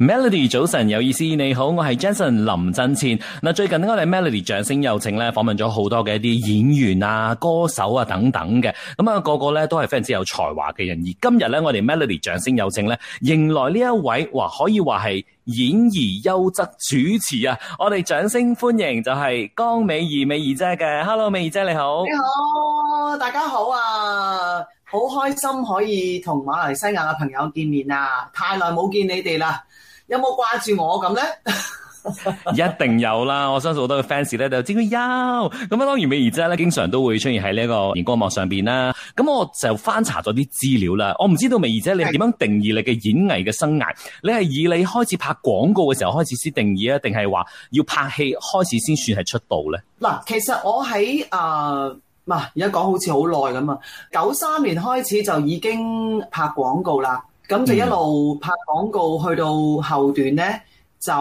Melody 早晨有意思，你好，我係 Jason 林振前。嗱，最近呢，我哋 Melody 掌聲有請咧，訪問咗好多嘅一啲演員啊、歌手啊等等嘅，咁啊個個咧都係非常之有才華嘅人。而今日咧，我哋 Melody 掌聲有請咧，迎來呢一位，哇，可以話係演而優則主持啊！我哋掌聲歡迎，就係江美儀、美儀姐嘅。Hello，美儀姐你好，你好，大家好啊，好開心可以同馬來西亞嘅朋友見面啊！太耐冇見你哋啦～有冇掛住我咁咧？ 一定有啦！我相信好多嘅 fans 咧就知佢有咁啊。當然，美儀姐咧，經常都會出現喺呢一個熒光幕上邊啦。咁我就翻查咗啲資料啦。我唔知道美儀姐你點樣定義你嘅演藝嘅生涯？你係以你開始拍廣告嘅時候開始先定義啊？定係話要拍戲開始先算係出道咧？嗱，其實我喺啊，唔係而家講好似好耐咁啊。九三年開始就已經拍廣告啦。咁、嗯、就一路拍廣告，去到後段咧就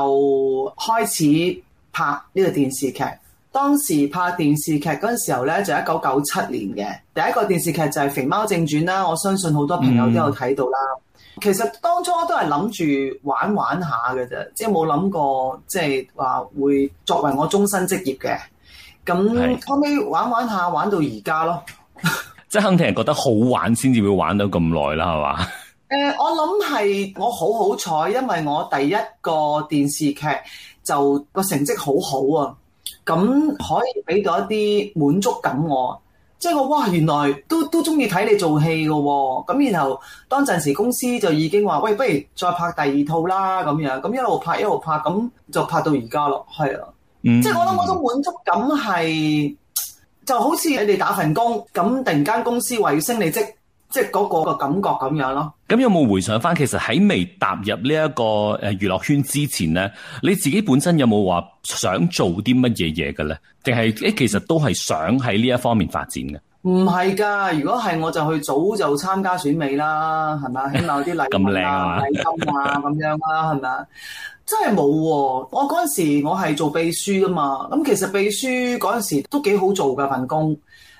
開始拍呢個電視劇。當時拍電視劇嗰陣時候咧，就一九九七年嘅第一個電視劇就係《肥貓正傳》啦。我相信好多朋友都有睇到啦。嗯、其實當初我都係諗住玩玩下嘅啫，即係冇諗過即係話會作為我終身職業嘅。咁是後尾玩玩下，玩到而家咯。 即係肯定係覺得好玩先至會玩到咁耐啦，係嘛？誒，uh, 我諗係我好好彩，因為我第一個電視劇就個成績好好啊，咁可以俾到一啲滿足感我，即係我哇，原來都都中意睇你做戲嘅。咁然後當陣時公司就已經話喂，不如再拍第二套啦，咁樣咁一路拍一路拍，咁就拍到而家咯，係啊，即係、mm hmm. 我諗嗰種滿足感係就好似你哋打份工，咁突然間公司話要升你職。即係嗰個個感覺咁樣咯。咁有冇回想翻？其實喺未踏入呢一個誒娛樂圈之前咧，你自己本身有冇話想做啲乜嘢嘢嘅咧？定係誒，其實都係想喺呢一方面發展嘅。唔係噶，如果係我就去早就參加選美啦，係咪啊？起碼有啲禮物啊、禮金啊咁樣啦，係咪啊？啊真係冇喎！我嗰陣時我係做秘書噶嘛。咁其實秘書嗰陣時都幾好做噶份工。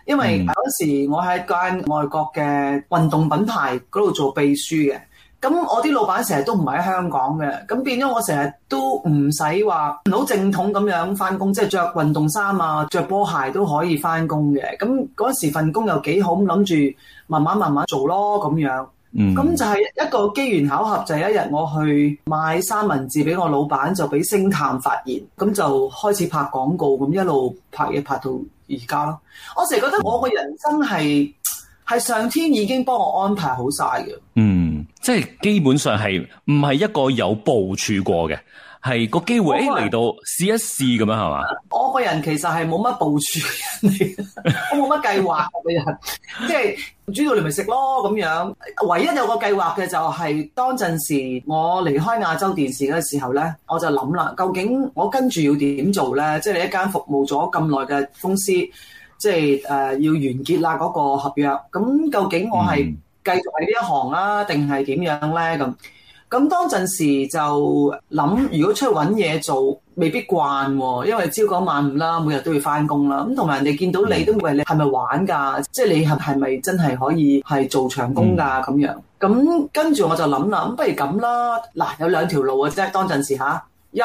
因為嗰時我喺間外國嘅運動品牌嗰度做秘書嘅，咁我啲老闆成日都唔係喺香港嘅，咁變咗我成日都唔使話唔好正統咁樣翻工，即係著運動衫啊、着波鞋都可以翻工嘅。咁嗰時份工又幾好，諗住慢慢慢慢做咯咁樣。咁，嗯，就係一個機緣巧合，就係，是，一日我去買三文治俾我老闆，就俾星探發現，咁就開始拍廣告，咁一路拍嘢拍到而家咯。我成日覺得我個人生係係上天已經幫我安排好晒嘅，嗯，即係基本上係唔係一個有部署過嘅。係個機會，誒嚟到試一試咁樣係嘛？我個人其實係冇乜部署，我冇乜計劃嘅人，即係主要你咪食咯咁樣。唯一有個計劃嘅就係當陣時我離開亞洲電視嘅時候咧，我就諗啦，究竟我跟住要點做咧？即係你一間服務咗咁耐嘅公司，即係誒要完結啦嗰個合約。咁究竟我係繼續喺呢一行啊，定係點樣咧？咁。咁當陣時就諗，如果出去揾嘢做，未必慣喎、啊，因為朝九晚五啦，每日都要翻工啦。咁同埋人哋見到你、mm. 都會問你係咪玩㗎？即、就、係、係、你係係咪真係可以係做長工㗎咁樣？咁跟住我就諗啦，咁不如咁啦。嗱，有兩條路啊，即係。當陣時吓，一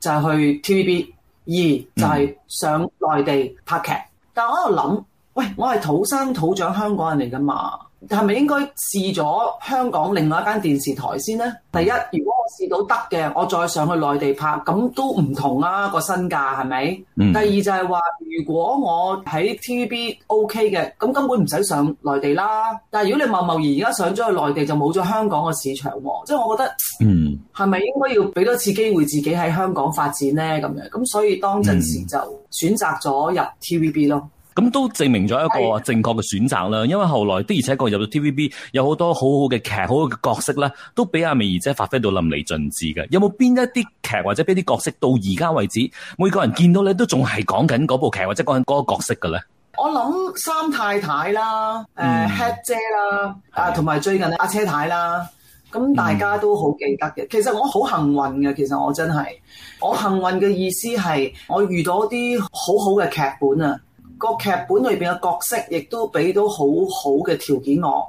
就係去 TVB，二就係上內地拍劇。Mm. 但係我喺度諗，喂，我係土生土長香港人嚟㗎嘛。係咪應該試咗香港另外一間電視台先呢？第一，如果我試到得嘅，我再上去內地拍，咁都唔同啦、啊個身價係咪？嗯、第二就係話，如果我喺 TVB OK 嘅，咁根本唔使上內地啦。但係如果你貿貿然而家上咗去內地，就冇咗香港個市場喎、啊。即係我覺得，係咪、嗯、應該要俾多次機會自己喺香港發展呢？咁樣，咁所以當陣時就選擇咗入 TVB 咯。咁、嗯、都證明咗一個正確嘅選擇啦，因為後來的而且確入咗 TVB，有好多好好嘅劇，好好嘅角色咧，都俾阿美儀姐發揮到淋漓盡致嘅。有冇邊一啲劇或者邊啲角色到而家為止，每個人見到咧都仲係講緊嗰部劇或者講緊嗰個角色嘅咧？我諗三太太啦，誒、呃、Head、嗯、姐啦，啊同埋最近阿車太啦，咁、嗯嗯、大家都好記得嘅。其實我好幸運嘅，其實我真係我幸運嘅意思係我遇到啲好好嘅劇本啊！個劇本裏邊嘅角色，亦都俾到好好嘅條件我，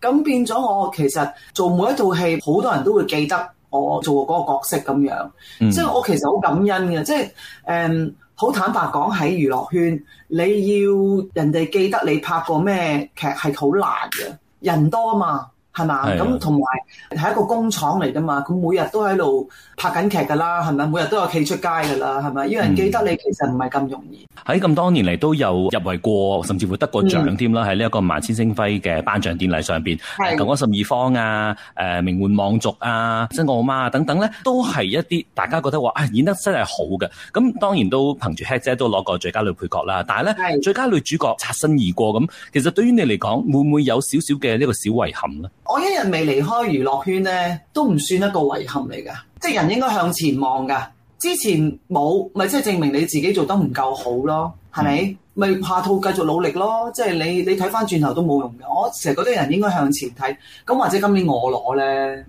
咁變咗我其實做每一套戲，好多人都會記得我做過嗰個角色咁樣，即係我其實好感恩嘅，即係誒好坦白講喺娛樂圈，你要人哋記得你拍過咩劇係好難嘅，人多吖嘛。係嘛？咁同埋係一個工廠嚟噶嘛？佢每日都喺度拍緊劇噶啦，係咪？每日都有企出街噶啦，係咪？因為人記得你、嗯、其實唔係咁容易。喺咁多年嚟都有入圍過，甚至乎得過獎添啦。喺呢一個萬千星輝嘅頒獎典禮上邊，《九安十二方》啊，《誒名媛望族》啊，《新個好媽》等等咧，都係一啲大家覺得話啊、哎、演得真係好嘅。咁當然都憑住 Head 姐都攞過最佳女配角啦。但係咧，的最佳女主角擦身而過咁，其實對於你嚟講，會唔會有少少嘅呢個小遺憾咧？我一日未離開娛樂圈咧，都唔算一個遺憾嚟噶。即係人應該向前望噶，之前冇咪即係證明你自己做得唔夠好咯，係咪、嗯？咪下套繼續努力咯。即係你你睇翻轉頭都冇用嘅。我成日覺得人應該向前睇。咁或者今年我攞咧，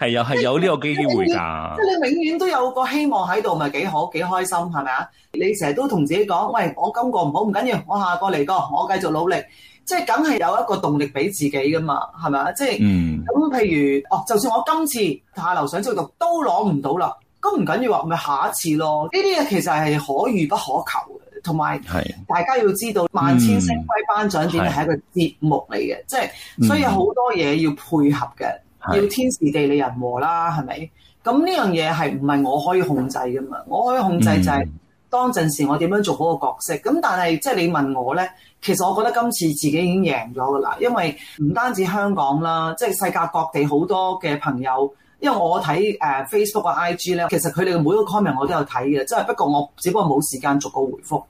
係 有係有呢個機會噶。即係 你，你，你永遠都有個希望喺度，咪幾好幾開心係咪啊？你成日都同自己講，喂，我今個唔好唔緊要，我下個嚟過，我繼續努力。即係梗係有一個動力俾自己噶嘛，係咪啊？即係咁，嗯、譬如哦，就算我今次下樓想就讀都攞唔到啦，咁唔緊要話，咪下一次咯。呢啲嘢其實係可遇不可求嘅，同埋大家要知道，是萬千星輝頒獎典禮係一個節目嚟嘅，即係是所以好多嘢要配合嘅，是要天時地利人和啦，係咪？咁呢樣嘢係唔係我可以控制噶嘛？我可以控制就係、是。嗯當陣時我點樣做好個角色咁，但係即係你問我咧，其實我覺得今次自己已經贏咗㗎啦，因為唔單止香港啦，即係世界各地好多嘅朋友，因為我睇誒 Facebook 啊 IG 咧，其實佢哋每個 comment 我都有睇嘅，即係不過我只不過冇時間逐個回覆。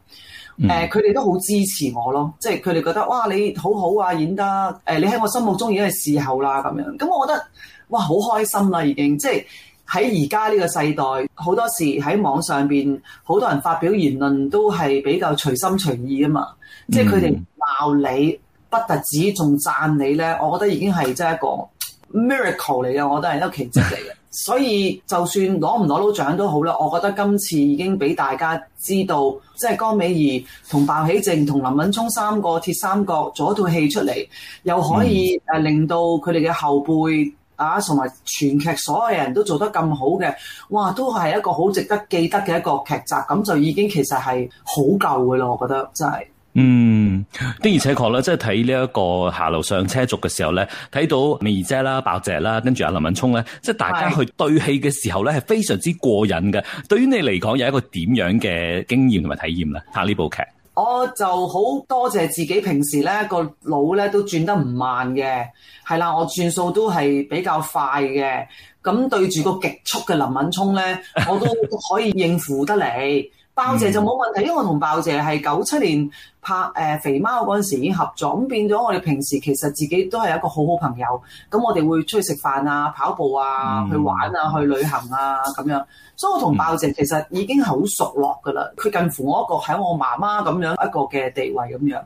誒、呃，佢哋、嗯、都好支持我咯，即係佢哋覺得哇你好好啊，演得誒、呃、你喺我心目中已經係視后啦咁樣。咁我覺得哇好開心啦，已經即係。喺而家呢個世代，好多時喺網上邊，好多人發表言論都係比較隨心隨意啊嘛。嗯、即係佢哋鬧你，不特止仲讚你呢，我覺得已經係真係一個 miracle 嚟嘅。我覺得係一個奇蹟嚟嘅。 所以就算攞唔攞到獎都好啦，我覺得今次已經俾大家知道，即係江美儀同鮑起靜同林敏聰三個鐵三角做一套戲出嚟，又可以誒令到佢哋嘅後輩。嗯啊，同埋全劇所有人都做得咁好嘅，哇，都係一個好值得記得嘅一個劇集，咁就已經其實係好舊嘅咯，我覺得真係。嗯，的而且確啦，即係睇呢一個下樓上車族嘅時候咧，睇到美儀姐啦、白姐啦，跟住阿林敏聰咧，即係大家去對戲嘅時候咧，係非常之過癮嘅。是對於你嚟講，有一個點樣嘅經驗同埋體驗咧？睇呢部劇。我就好多謝自己，平時咧，個腦咧都轉得唔慢嘅，係啦，我轉數都係比較快嘅，咁對住個極速嘅林敏聰咧，我都可以應付得嚟。鮑姐就冇問題，因為我同鮑姐係九七年拍誒、呃、肥貓嗰陣時已經合作，咁變咗我哋平時其實自己都係一個好好朋友，咁我哋會出去食飯啊、跑步啊、去玩啊、去旅行啊咁樣，所以我同鮑姐其實已經好熟絡噶啦，佢近乎我一個喺我媽媽咁樣一個嘅地位咁樣，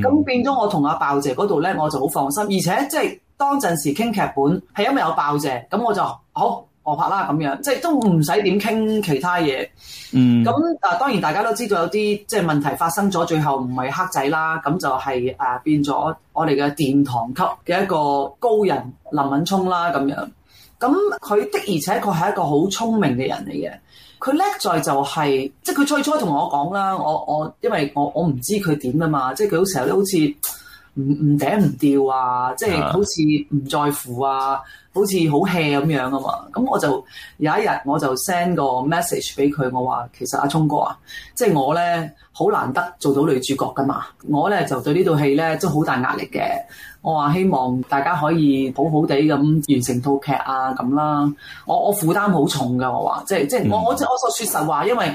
咁變咗我同阿鮑姐嗰度咧，我就好放心，而且即係當陣時傾劇本係因為有鮑姐，咁我就好搏拍啦，咁樣即係都唔使點傾其他嘢。嗯，咁啊，當然大家都知道有啲即係問題發生咗，最後唔係黑仔啦，咁就係誒變咗我哋嘅殿堂級嘅一個高人林敏聰啦，咁樣。咁佢的而且確係一個好聰明嘅人嚟嘅，佢叻在就係、是、即係佢最初同我講啦，我我因為我我唔知佢點㗎嘛，即係佢有時候都好似。唔唔頂唔掉啊！即係好似唔在乎啊， 好似好 hea 咁樣啊嘛！咁我就有一日我就 send 個 message 俾佢，我話其實阿聰哥啊，即係我咧好難得做到女主角噶嘛，我咧就對呢套戲咧都好大壓力嘅。我話希望大家可以好好地咁完成套劇啊咁啦。我我負擔好重噶，我話即係即係我、嗯、我我就説實話，因為。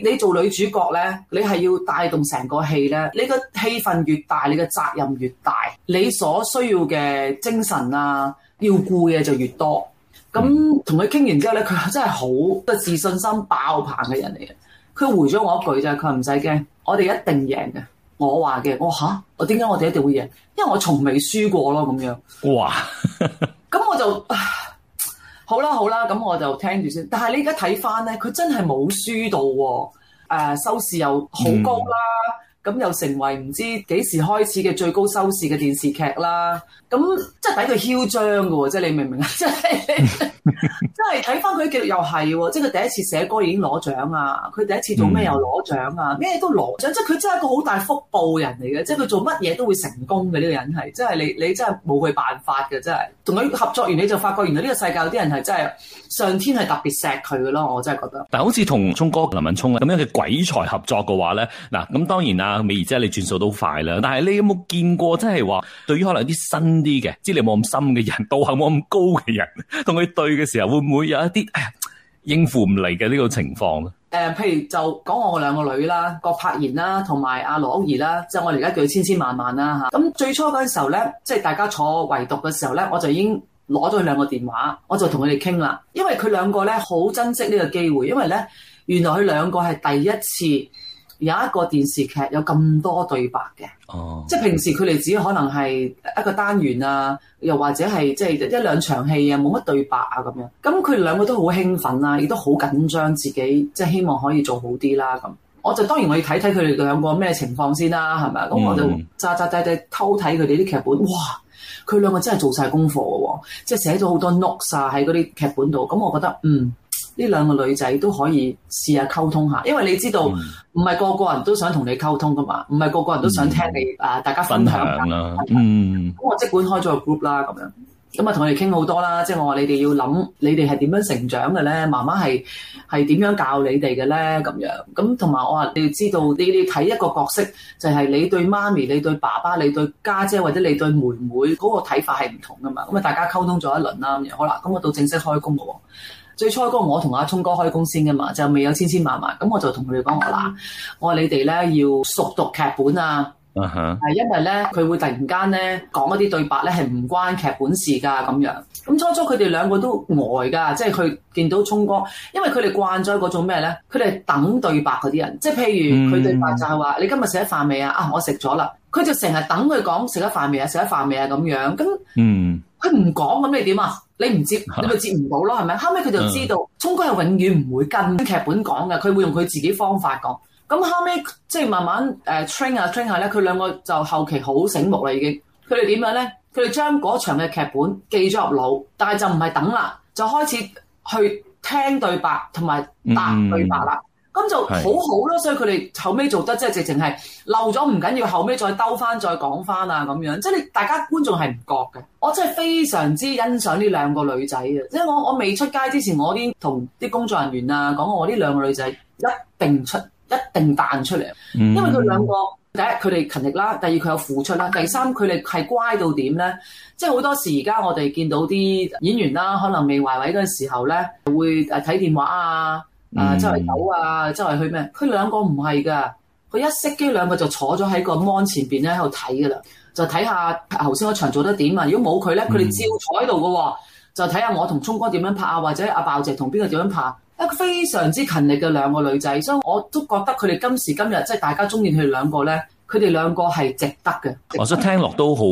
你做女主角咧，你係要帶動成個戲咧，你個戲份越大，你嘅責任越大，你所需要嘅精神啊，要顧嘅就越多。咁同佢傾完之後咧，佢真係好個自信心爆棚嘅人嚟嘅。佢回咗我一句就佢話唔使驚，我哋一定贏嘅。我話嘅，我吓，我點解我哋一定會贏？因為我從未輸過咯，咁樣。哇！咁 我就。好啦好啦，咁我就聽住先。但係你而家睇翻咧，佢真係冇輸到喎，啊呃，收視又好高啦。嗯咁又成為唔知幾時開始嘅最高收視嘅電視劇啦！咁即係睇佢囂張嘅喎，即係你明唔明啊？即係即係睇翻佢啲記錄又係喎、哦，即係佢第一次寫歌已經攞獎啊！佢第一次做咩又攞獎啊？咩、嗯、都攞獎，即係佢真係一個好大福報人嚟嘅，即係佢做乜嘢都會成功嘅呢、呢個人係，即係你你真係冇佢辦法嘅，真係同佢合作完你就發覺原來呢個世界有啲人係真係上天係特別錫佢嘅咯，我真係覺得。但係好似同聰哥、林敏驄咁樣嘅鬼才合作嘅話咧，嗱咁當然啊！美儀姐你轉數都快啦，但係你有冇見過，即係話對於可能有啲新啲嘅、知你冇咁深嘅人，道行冇咁高嘅人，同佢對嘅時候，會唔會有一啲應付唔嚟嘅呢個情況咧？誒、嗯，譬如就講我兩個女啦，郭柏妍啦，同埋阿羅屋兒啦，即係我哋而家叫千千萬萬啦吓。咁最初嗰陣時候咧，即係大家坐圍讀嘅時候咧，我就已經攞咗佢兩個電話，我就同佢哋傾啦。因為佢兩個咧好珍惜呢個機會，因為咧原來佢兩個係第一次。有一個電視劇有咁多對白嘅，哦、即係平時佢哋只可能係一個單元啊，又或者係即係一兩場戲啊，冇乜對白啊咁樣。咁佢哋兩個都好興奮啊，亦都好緊張自己，即係希望可以做好啲啦咁。我就當然我要睇睇佢哋兩個咩情況先啦，係咪啊？咁、嗯、我就扎扎地地偷睇佢哋啲劇本，哇！佢兩個真係做晒功課喎、啊，即係寫咗好多 notes 啊喺嗰啲劇本度。咁我覺得嗯。呢兩個女仔都可以試下溝通下，因為你知道唔係、嗯、個個人都想同你溝通噶嘛，唔係個個人都想聽你、嗯、啊，大家分享啦。享嗯，咁、嗯、我即管開咗個 group 啦，咁樣咁啊，同佢哋傾好多啦。即係我話你哋要諗，你哋係點樣成長嘅咧？媽媽係係點樣教你哋嘅咧？咁樣咁，同埋我話你要知道，你你睇一個角色就係、是、你對媽咪、你對爸爸、你對家姐、姐或者你對妹妹嗰、那個睇法係唔同噶嘛。咁啊，大家溝通咗一輪啦，咁樣好啦。咁我到正式開工噶喎。最初嗰個我同阿聰哥開工先嘅嘛，就未有千千萬萬，咁我就同佢哋講話啦。我話你哋咧要熟讀劇本啊，係、uh huh. 因為咧佢會突然間咧講一啲對白咧係唔關劇本事噶咁樣。咁初初佢哋兩個都呆㗎，即係佢見到聰哥，因為佢哋慣咗嗰種咩咧，佢哋等對白嗰啲人，即係譬如佢對白就係話你今日食咗飯未啊？啊我食咗啦，佢就成日等佢講食咗飯未啊，食咗飯未啊咁樣，咁佢唔講咁你點啊？你唔接，你咪接唔到咯，係咪、啊？後尾佢就知道，聰哥係永遠唔會跟劇本講嘅，佢會用佢自己方法講。咁後尾，即係慢慢誒 train、呃、下 train 下咧，佢兩個就後期好醒目啦，已經。佢哋點樣咧？佢哋將嗰場嘅劇本記咗入腦，但係就唔係等啦，就開始去聽對白同埋答對白啦。嗯咁就好好咯，所以佢哋後尾做得即係直情係漏咗唔緊要，後尾再兜翻再講翻啊咁樣。即係你大家觀眾係唔覺嘅。我真係非常之欣賞呢兩個女仔嘅，即係我我未出街之前，我啲同啲工作人員啊講，我呢兩個女仔一定出，一定彈出嚟，因為佢兩個第一佢哋勤力啦，第二佢有付出啦，第三佢哋係乖到點咧？即係好多時而家我哋見到啲演員啦，可能未華位嗰陣時候咧，會誒睇電話啊。啊，周圍走啊，嗯、周圍去咩？佢兩個唔係噶，佢一熄機，兩個就坐咗喺個芒前邊咧，喺度睇噶啦，就睇下頭先個場做得點啊。如果冇佢咧，佢哋照坐喺度噶，就睇下我同聰哥點樣拍啊，或者阿、啊、爆姐同邊個點樣拍、啊。一個非常之勤力嘅兩個女仔，所以我都覺得佢哋今時今日即係大家鍾意佢哋兩個咧，佢哋兩個係值得嘅。得我想聽落都好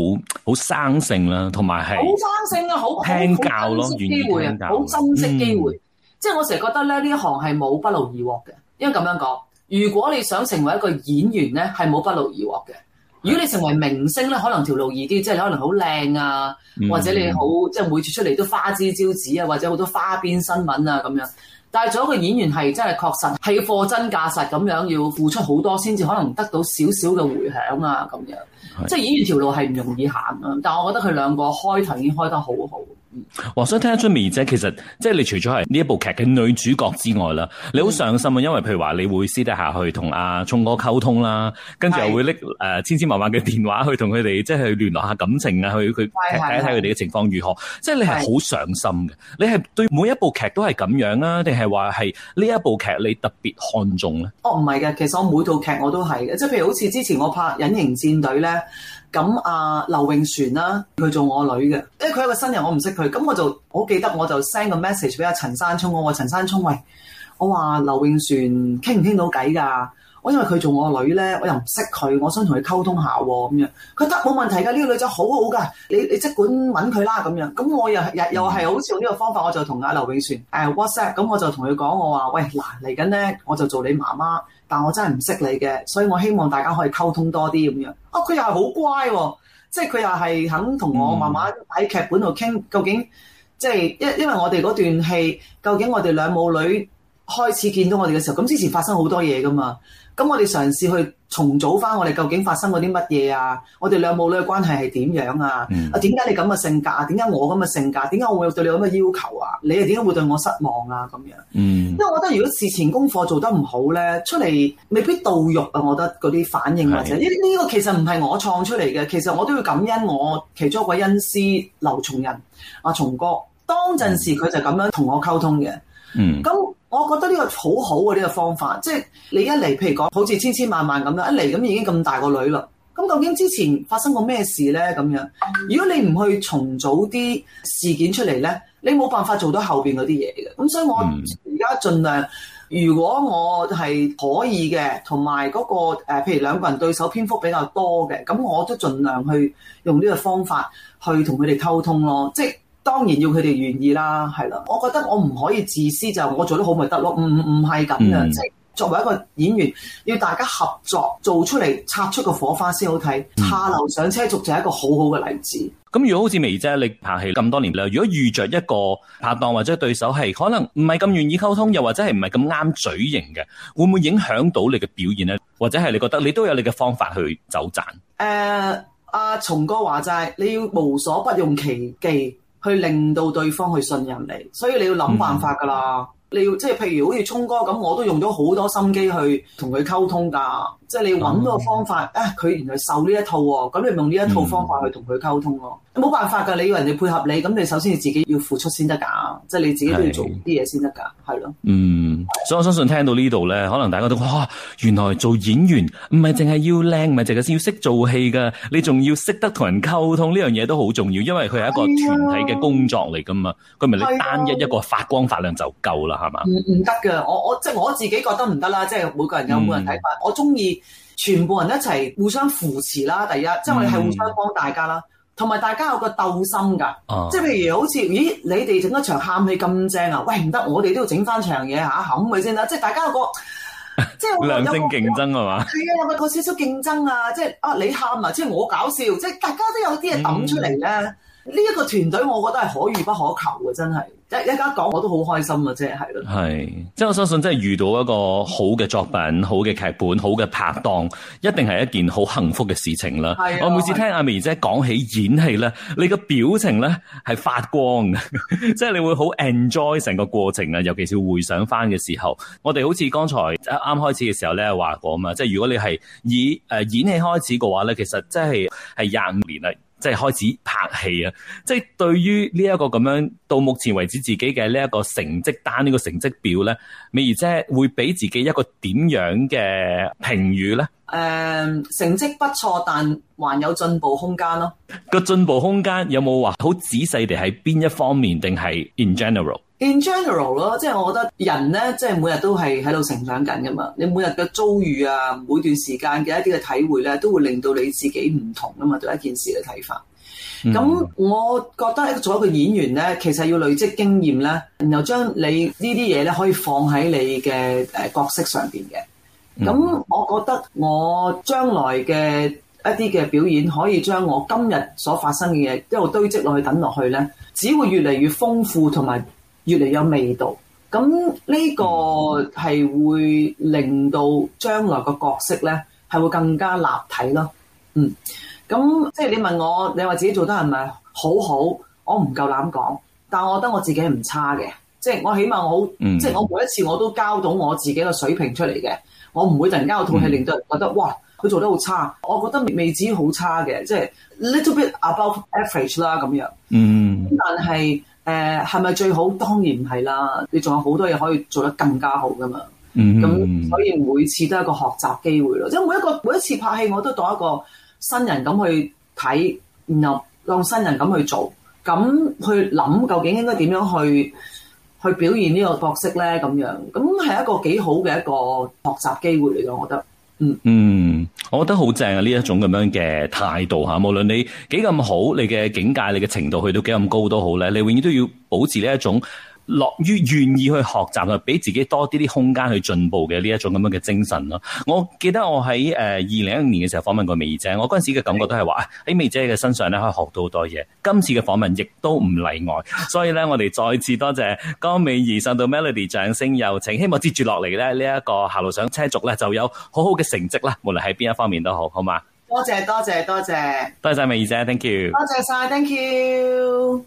好生性啦，同埋係好生性啊，好聽教咯，珍惜機會，好珍惜機會。嗯即係我成日覺得咧，呢一行係冇不勞而獲嘅。因為咁樣講，如果你想成為一個演員咧，係冇不勞而獲嘅。如果你成為明星咧，可能條路易啲，即係你可能好靚啊，或者你好，即係每次出嚟都花枝招展啊，或者好多花邊新聞啊咁樣。但係做一個演員係真係確實係要貨真價實咁樣，要付出好多先至可能得到少少嘅迴響啊咁樣。是即係演員條路係唔容易行啊，但係我覺得佢兩個開頭已經開得好好。我想以聽得出，梅姐 其實即係你除咗係呢一部劇嘅女主角之外啦，你好上心啊！因為譬如話，你會私底下去同阿聰哥溝通啦，跟住又會拎誒千千萬萬嘅電話去同佢哋即係聯絡下感情啊，去去睇一睇佢哋嘅情況如何。 即係你係好上心嘅，你係對每一部劇都係咁樣啊？定係話係呢一部劇你特別看重咧？哦，唔係嘅，其實我每套劇我都係嘅，即係譬如好似之前我拍《隱形戰隊》咧。咁啊，劉永璇啦，佢做我女嘅，因為佢係個新人，我唔識佢，咁我就好記得，我就 send 個 message 俾阿陳山聰，我話陳山聰，喂，我話劉永璇傾唔傾到偈㗎？我因為佢做我女咧，我又唔識佢，我想同佢溝通下喎，咁樣佢得冇問題㗎，呢個女仔好好㗎，你你即管揾佢啦，咁樣，咁我又又又係好似用呢個方法，我就同阿劉永璇誒、uh, WhatsApp，咁我就同佢講，我話喂嗱嚟緊咧，我就做你媽媽。但我真係唔識你嘅，所以我希望大家可以溝通多啲咁樣。啊，佢又係好乖喎，即係佢又係肯同我慢慢喺劇本度傾究竟，即係因因為我哋嗰段戲究竟我哋兩母女開始見到我哋嘅時候，咁之前發生好多嘢㗎嘛，咁我哋嘗試去。重組翻我哋究竟發生咗啲乜嘢啊？我哋兩母女嘅關係係點樣啊？啊、嗯，點解你咁嘅性格啊？點解我咁嘅性格？點解我，我會對你有咁嘅要求啊？你又點解會對我失望啊？咁樣，嗯、因為我覺得如果事前功課做得唔好咧，出嚟未必導育啊。我覺得嗰啲反應或者呢呢個其實唔係我創出嚟嘅，其實我都要感恩我其中一位恩師劉松仁阿、啊、松哥，當陣時佢就咁樣同我溝通嘅。是嗯，咁。我覺得呢個好好嘅呢個方法，即係你一嚟，譬如講好似千千萬萬咁樣，一嚟咁已經咁大個女啦，咁究竟之前發生過咩事呢？咁樣，如果你唔去重組啲事件出嚟呢，你冇辦法做到後邊嗰啲嘢嘅。咁所以我而家盡量，如果我係可以嘅，同埋嗰個誒，譬如兩個人對手篇幅比較多嘅，咁我都盡量去用呢個方法去同佢哋溝通咯，即當然要佢哋願意啦，係啦。我覺得我唔可以自私，就係我做得好咪得咯。唔唔唔係咁嘅樣，嗯、即作為一個演員，要大家合作做出嚟，插出個火花先好睇。下流上車族就係一個好好嘅例子。咁、嗯嗯嗯、如果好似美姐你拍戲咁多年咧，如果遇着一個拍檔或者對手係可能唔係咁願意溝通，又或者係唔係咁啱嘴型嘅，會唔會影響到你嘅表現咧？或者係你覺得你都有你嘅方法去走盞？誒、呃，阿、啊、松哥話就係你要無所不用其技。去令到對方去信任你，所以你要諗辦法㗎啦。嗯、你要即係譬如好似聰哥噉，我都用咗好多心機去同佢溝通㗎。即係你揾嗰個方法啊！佢、哦哎、原來受呢一套喎，咁、嗯、你用呢一套方法去同佢溝通咯，冇、嗯、辦法噶！你要人哋配合你，咁你首先要自己要付出先得噶，即係你自己要做啲嘢先得噶，係咯。嗯，的所以我相信聽到呢度咧，可能大家都哇，原來做演員唔係淨係要靚，唔係淨係先要識做戲噶，你仲要識得同人溝通，呢樣嘢都好重要，因為佢係一個團體嘅工作嚟噶嘛，佢咪的你單一一個發光發亮就夠啦，係嘛？唔唔得噶，我我即係我自己覺得唔得啦，即係每個人有每個人睇法，嗯、我中意。全部人一齊互相扶持啦，第一，即係我哋係互相幫大家啦，同埋、嗯、大家有個鬥心噶，啊、即係譬如好似，咦，你哋整一場喊戲咁正啊，喂唔得，我哋都要整翻場嘢吓、啊，冚佢先啦，即係大家有個即係良 性競競爭係嘛個，係啊， 有個少少競爭啊，即係啊，你喊啊，即係我搞笑，即係大家都有啲嘢抌出嚟咧。嗯嗯呢一個團隊，我覺得係可遇不可求嘅，真係一一家講我都好開心嘅，即係咯。係，即係我相信，真係遇到一個好嘅作品、好嘅劇本、好嘅拍檔，一定係一件好幸福嘅事情啦。的我每次聽阿美姐講起演戲咧，你個表情咧係發光嘅， 即係你會好 enjoy 成個過程啊！尤其是回想翻嘅時候，我哋好似剛才啱開始嘅時候咧話過啊嘛，即係如果你係以誒演戲開始嘅話咧，其實即係係廿五年啦。即係開始拍戲啊！即、就、係、是、對於呢一個咁樣到目前為止自己嘅呢一個成績單呢，這個成績表咧，美儀姐會俾自己一個點樣嘅評語咧？誒，uh, 成績不錯，但還有進步空間咯。個進步空間有冇話好仔細地喺邊一方面，定係 in general？In general 咯，即係我覺得人咧，即係每日都係喺度成長緊噶嘛。你每日嘅遭遇啊，每段時間嘅一啲嘅體會咧，都會令到你自己唔同噶嘛。對一件事嘅睇法，咁、mm hmm. 我覺得做一個演員咧，其實要累積經驗咧，然後將你呢啲嘢咧，可以放喺你嘅誒角色上邊嘅。咁、mm hmm. 我覺得我將來嘅一啲嘅表演，可以將我今日所發生嘅嘢一路堆積落去等落去咧，只會越嚟越豐富同埋，越嚟越有味道，咁呢個係會令到將來個角色咧係會更加立體咯。嗯，咁即係你問我，你話自己做得係咪好好？我唔夠膽講，但我覺得我自己係唔差嘅，即係我起碼我好，嗯、即係我每一次我都交到我自己個水平出嚟嘅，我唔會突然間有套戲令到人覺得、嗯、哇佢做得好差。我覺得未至於好差嘅，即係 little bit above average 啦咁樣。嗯，但係。誒係咪最好？當然唔係啦，你仲有好多嘢可以做得更加好噶嘛。嗯咁、mm hmm. 所以每次都係一個學習機會咯。即係每一個每一次拍戲，我都當一個新人咁去睇，然後當新人咁去做，咁去諗究竟應該點樣去去表現呢個角色咧？咁樣咁係一個幾好嘅一個學習機會嚟㗎，我覺得。嗯嗯，我覺得好正啊！呢一種咁樣嘅態度吓，無論你幾咁好，你嘅境界，你嘅程度去到幾咁高都好咧，你永遠都要保持呢一種。樂於願意去學習，啊，俾自己多啲啲空間去進步嘅呢一種咁樣嘅精神咯。我記得我喺誒二零一五年嘅時候訪問過美儀姐，我嗰陣時嘅感覺都係話喺美儀姐嘅身上咧可以學到好多嘢。今次嘅訪問亦都唔例外，所以咧我哋再次多謝江美儀上到 Melody 掌聲有請，希望接住落嚟咧呢一個下路上車族咧就有好好嘅成績啦，無論喺邊一方面都好，好嘛？多謝多謝多謝，多謝，多謝，多謝美儀姐，Thank you，多謝晒，Thank you。